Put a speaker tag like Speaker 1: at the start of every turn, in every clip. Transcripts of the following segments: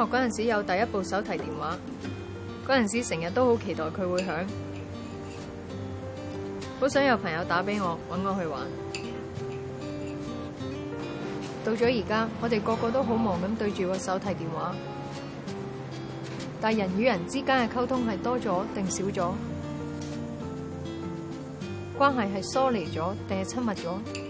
Speaker 1: 學嗰陣時有第一部手提電話，嗰陣時成日都好期待佢會響，好想有朋友打俾我，搵我去玩。到咗而家，我哋個個都好忙咁對住個手提電話，但人與人之間嘅溝通係多咗定少咗？關係係疏離咗定係親密咗？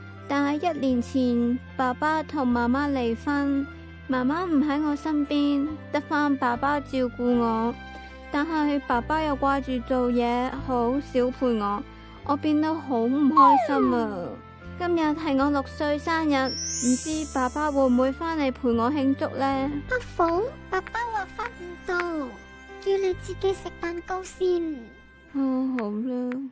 Speaker 2: 但喺一年前，爸爸同媽媽離婚，媽媽唔喺我身邊，得返爸爸照顧我。但係爸爸又掛住做嘢，好少陪我，我變得好唔開心啊！哎、呀今日係我六歲生日，唔知爸爸會唔會返嚟陪我慶祝呢？阿風，爸爸話返唔到，叫你自己食蛋糕先。哦，好啦。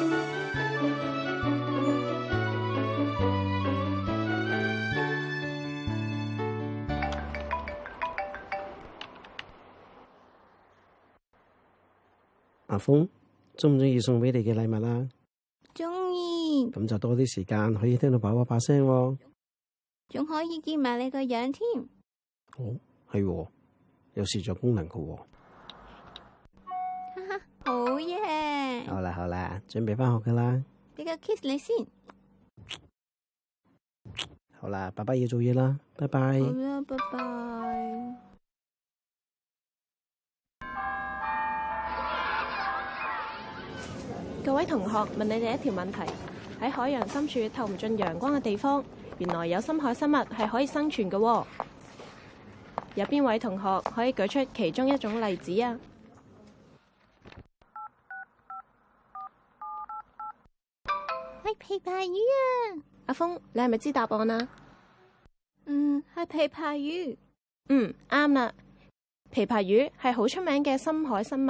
Speaker 3: 風中唔中意送俾你嘅禮物啊？
Speaker 2: 中意于。
Speaker 3: 咁就多啲時間可以聽到爸爸把聲，
Speaker 2: 仲可以見埋你個樣添。
Speaker 3: 哦，係、嗯，嗯、有視像功能嘅。哈
Speaker 2: 哈 勝，好嘢！好啦好啦，
Speaker 3: 準備翻學噶啦。
Speaker 2: 俾個 kiss 你先。
Speaker 3: 好啦，爸爸要做嘢啦，拜拜。好
Speaker 2: 啦，拜拜。
Speaker 3: 各位同學，問你哋一條問題，喺海洋深處透唔進陽光嘅地方，原來有深海生物係可以生存嘅喎。有邊位同學可以舉出其中一種例子啊？
Speaker 2: 係琵琶魚啊！
Speaker 3: 阿風，你係咪知答案啊？嗯，係琵琶魚。嗯，啱啦。琵琶魚係好出名嘅深海生物，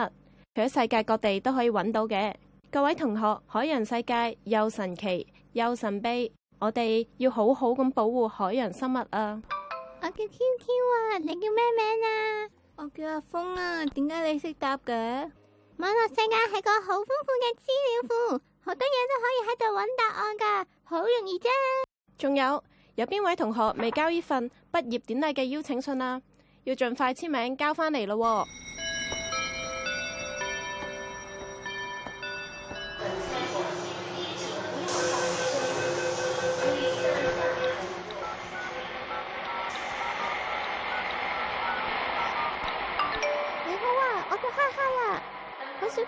Speaker 3: 佢喺世界各地都可以揾到嘅。各位同學，海洋世界又神奇又神秘，我哋要好好咁保護海洋生物啊！
Speaker 2: 我叫 Q Q 啊，你叫咩名啊？我叫阿風啊，點解你識答嘅？網絡世界係個好豐富嘅資料庫，好多嘢都可以喺度揾答案噶，好容易
Speaker 3: 啫、啊！仲有，有邊位同學未交呢份畢業典禮嘅邀請信啊？要盡快簽名交翻嚟咯。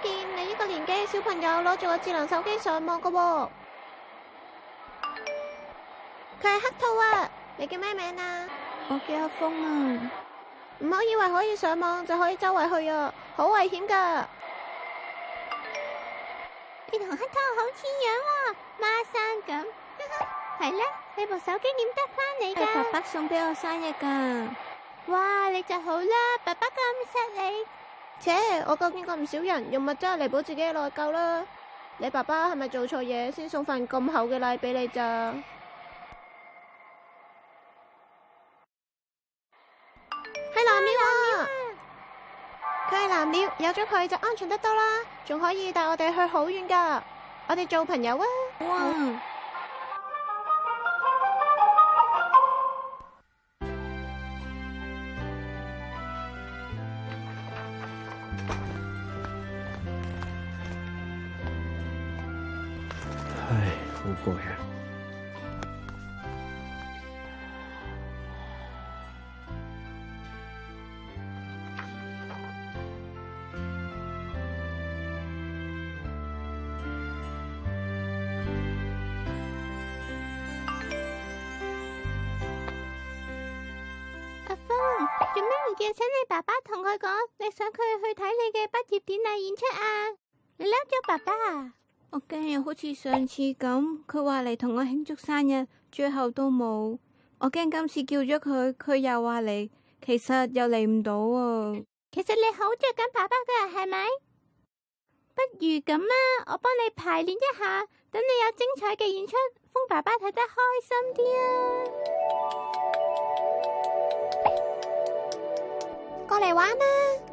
Speaker 3: 見你呢個年紀嘅小朋友攞住個智能手機上網噶，佢係黑兔啊！你叫咩名啊？我叫阿峰啊！唔好以為可以上網就可以周圍去啊，好危險噶！你同黑
Speaker 2: 兔好似樣，喎，樣，孖生咁，係咧？你部手機點得翻你噶？爸爸送俾我生日噶。哇，
Speaker 3: 你就好啦，爸爸咁錫你。且我究竟過唔少人用物質嚟補自己嘅內疚啦？你爸爸係咪做錯嘢先送份咁厚嘅禮俾你咋？係哇藍鳥、啊，佢係藍鳥、啊，有咗佢就安全得多啦，仲可以帶我哋去好遠噶，我哋做朋友啊！哇嗯
Speaker 2: 請你爸爸同佢講，你想佢去睇你嘅畢業典禮演出啊！你嬲咗爸爸啊？我驚又好似上次咁，佢話嚟同我慶祝生日，最後都冇。我驚今次叫咗佢，佢又話嚟，其實又嚟唔到啊！其實你好着緊爸爸㗎，係咪？不如咁啊，我幫你排練一下，等你有精彩嘅演出，風爸爸睇得開心啲啊！過嚟玩啊！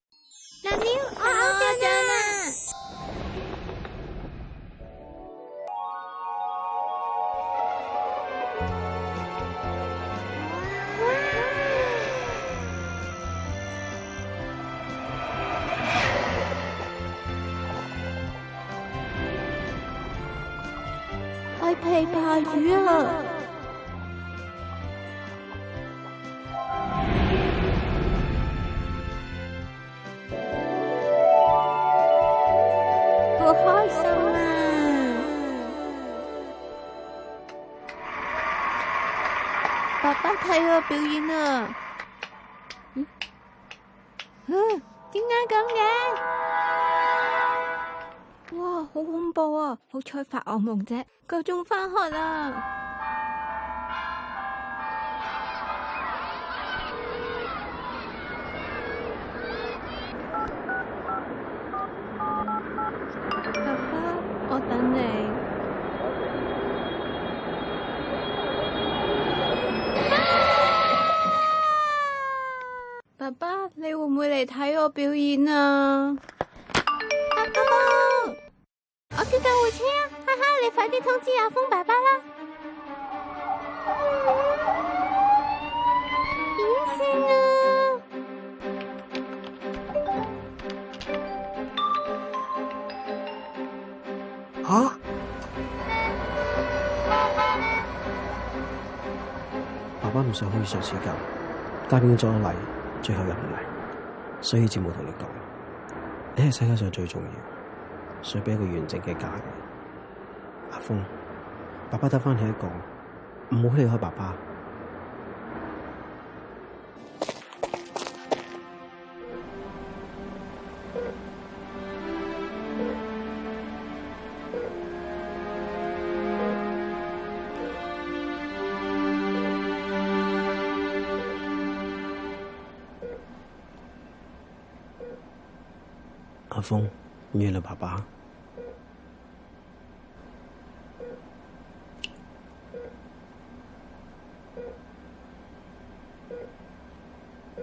Speaker 2: 開心啊！ 爸爸睇下表演啊！嗯，點解咁嘅？哇，好恐怖啊！好彩發噩夢啫，夠鐘翻學啦。表演啊！阿哥，我叫救護車，哈哈，你快啲通知阿峰爸爸啦！
Speaker 4: 點算啊？
Speaker 3: 爸爸唔想可以上次救，但變咗嚟，最後入唔嚟。所以至冇同你講，你係世界上最重要，需畀一個完整嘅家嘅。阿風，爸爸得返你一個，唔好離開爸爸。阿峰，咩啦？爸爸，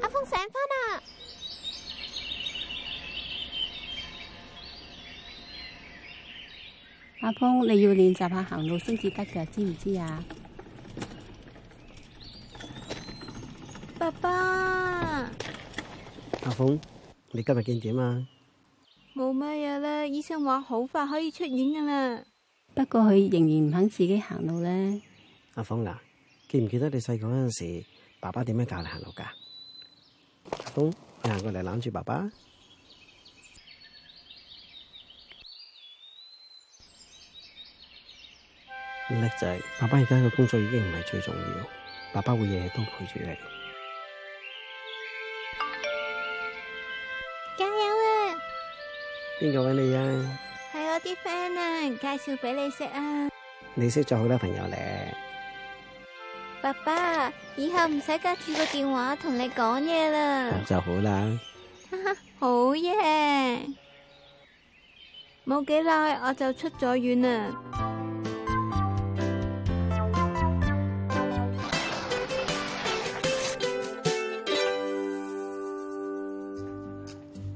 Speaker 3: 阿峰醒翻啦！阿峰，你要練習下行路先至得噶，知唔知啊？爸爸，阿峰，你今日見點啊？
Speaker 2: 冇乜嘢啦，醫生話好快可以出院噶啦。
Speaker 3: 不過佢仍然唔肯自己行路咧。阿峰啊，記唔記得你細個嗰陣時，爸爸點樣教你行路噶？阿峰，你行過嚟，攬住爸爸。叻仔。嗯，爸爸而家嘅工作已經唔係最重要，爸爸會日日都陪住你。邊個搵你啊？
Speaker 2: 係我啲 friend 啊，介紹俾你識啊！
Speaker 3: 你識咗好多朋友咧，
Speaker 2: 爸爸以後唔使隔住個電話同你講嘢啦，咁
Speaker 3: 就好啦，哈
Speaker 2: 哈， 好嘢！冇幾耐我就出咗院啦，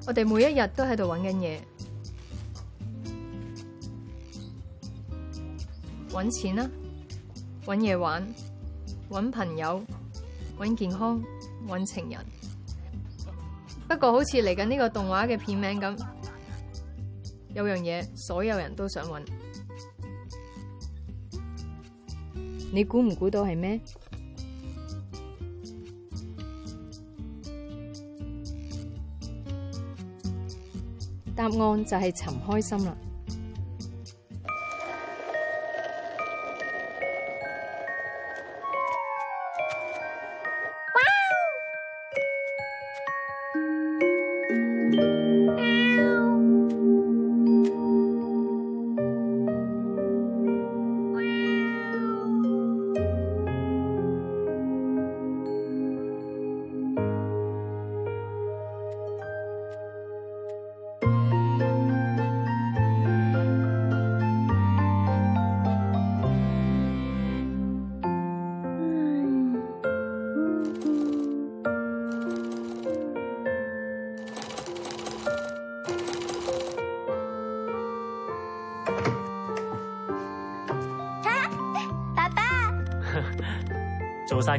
Speaker 1: 我哋每一日都喺度搵緊嘢。搵錢啦、啊，搵嘢玩，搵朋友，搵健康，搵情人。不過好似嚟緊呢個動畫嘅片名咁，有樣嘢所有人都想搵。 你估唔估到係咩？ 答案就係尋開心啦。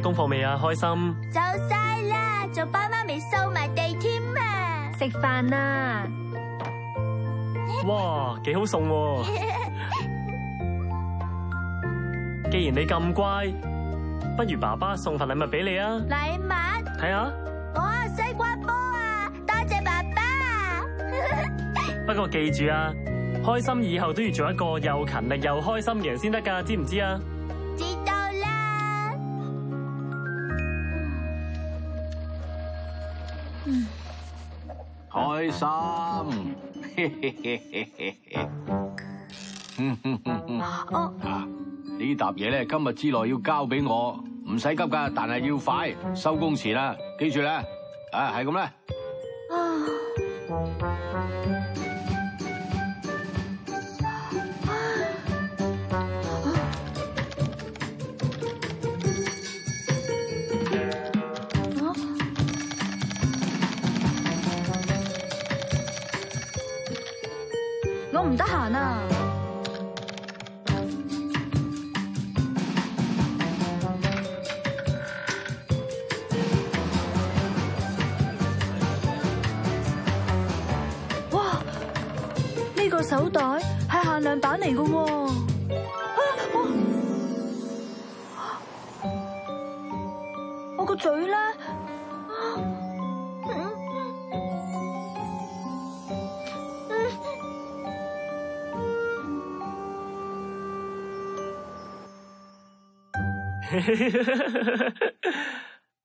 Speaker 1: 做功課未啊？開心
Speaker 2: 就晒啦，仲幫媽咪掃埋地添啊！食飯啦！
Speaker 1: 哇，幾好餸
Speaker 4: 喎！
Speaker 1: 既然你咁乖，不如爸爸送份禮物俾你啊！禮物睇啊！
Speaker 2: 我看、 哦、西瓜波啊！多謝爸爸。
Speaker 1: 不過記住啊，開心以後都要做一個又勤力又開心嘅人先得㗎，知唔知啊？心， oh. 啊，呢沓嘢咧，今日之內要交俾我，唔使急㗎，但係要快，收工前啦，記住啦，啊，係咁啦。
Speaker 2: 版嚟嘅我個，嘴咧，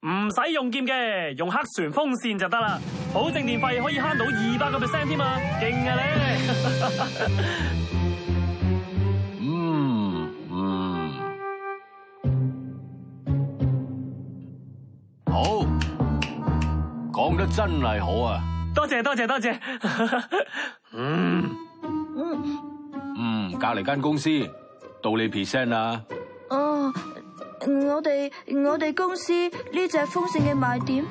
Speaker 1: 唔使 用劍嘅，用黑旋風扇就得啦，保證電費可以慳到二百個 percent 添啊，
Speaker 4: 勁啊你！
Speaker 1: 真係好啊！多謝多謝多謝。嗯嗯 嗯，隔籬間公司到你 present 啊！
Speaker 2: 哦，我哋我哋公司呢隻風扇嘅賣點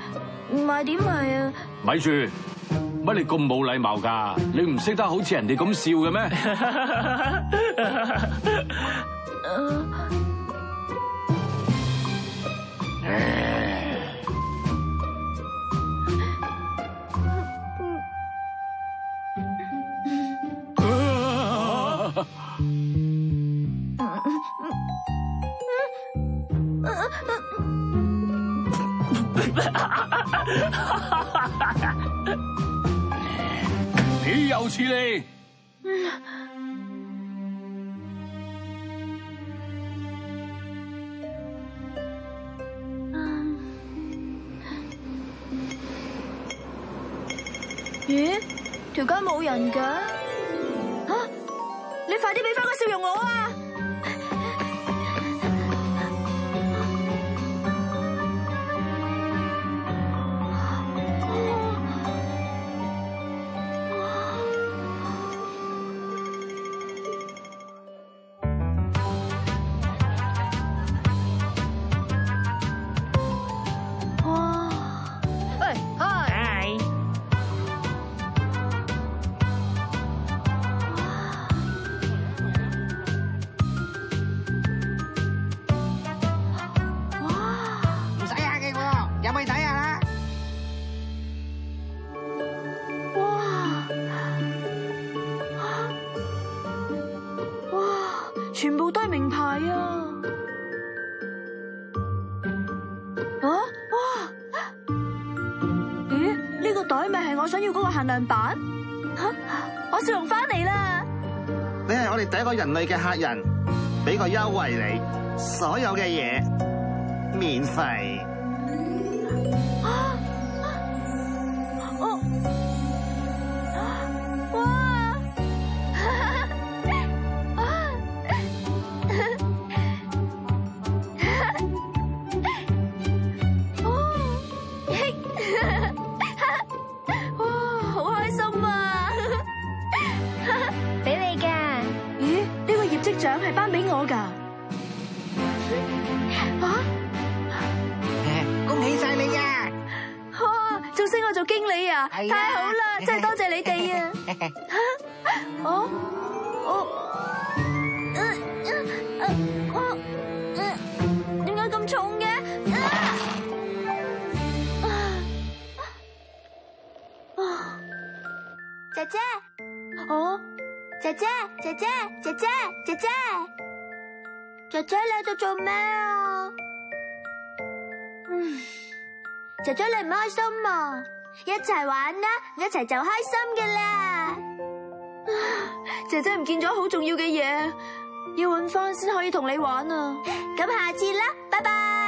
Speaker 2: 賣點係 啊，
Speaker 1: 咪住，乜你咁冇禮貌㗎？你唔識得好似人哋咁笑嘅咩？豈 有此理！
Speaker 2: 咦、嗯？條、 啊、街冇人噶？ 你快啲俾翻個笑容我啊！限量版？吓！我笑容翻嚟啦！
Speaker 3: 你係我哋第一個人類嘅客人，俾個優惠你，所有嘅嘢免費。
Speaker 2: 姐姐，哦，姐姐，姐姐，姐姐，姐姐，姐姐你，你喺度做咩啊？嗯，姐姐你唔開心啊？一齊玩啦，一齊就開心嘅啦。姐姐唔見咗好重要嘅嘢，要搵返先可以同你玩啊。咁下次啦，拜拜。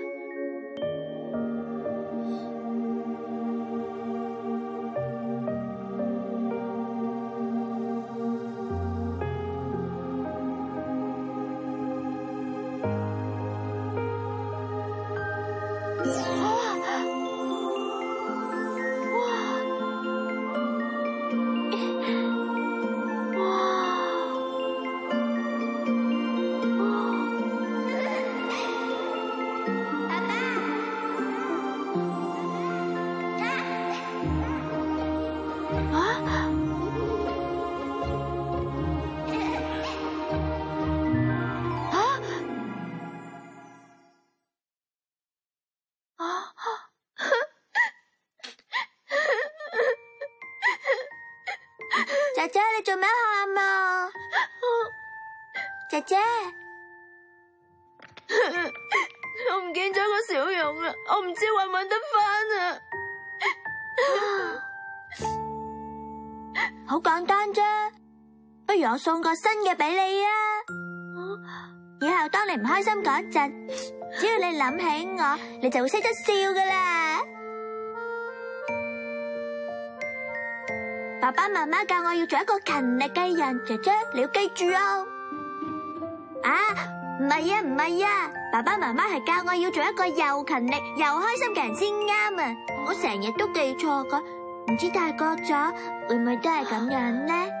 Speaker 2: 姐姐，我唔見咗個笑容啊！我唔知會唔會得翻啊！好簡單啫，不如我送個新嘅俾你啊！以後當你唔開心嗰陣，只要你諗起我，你就會識得笑噶啦！爸爸媽媽教我要做一個勤力嘅人，姐姐你要記住哦。啊，唔係啊，唔係啊，爸爸媽媽係教我要做一個又勤力又開心嘅人先啱啊！我成日都記錯㗎，唔知大個咗會唔會都係咁樣呢？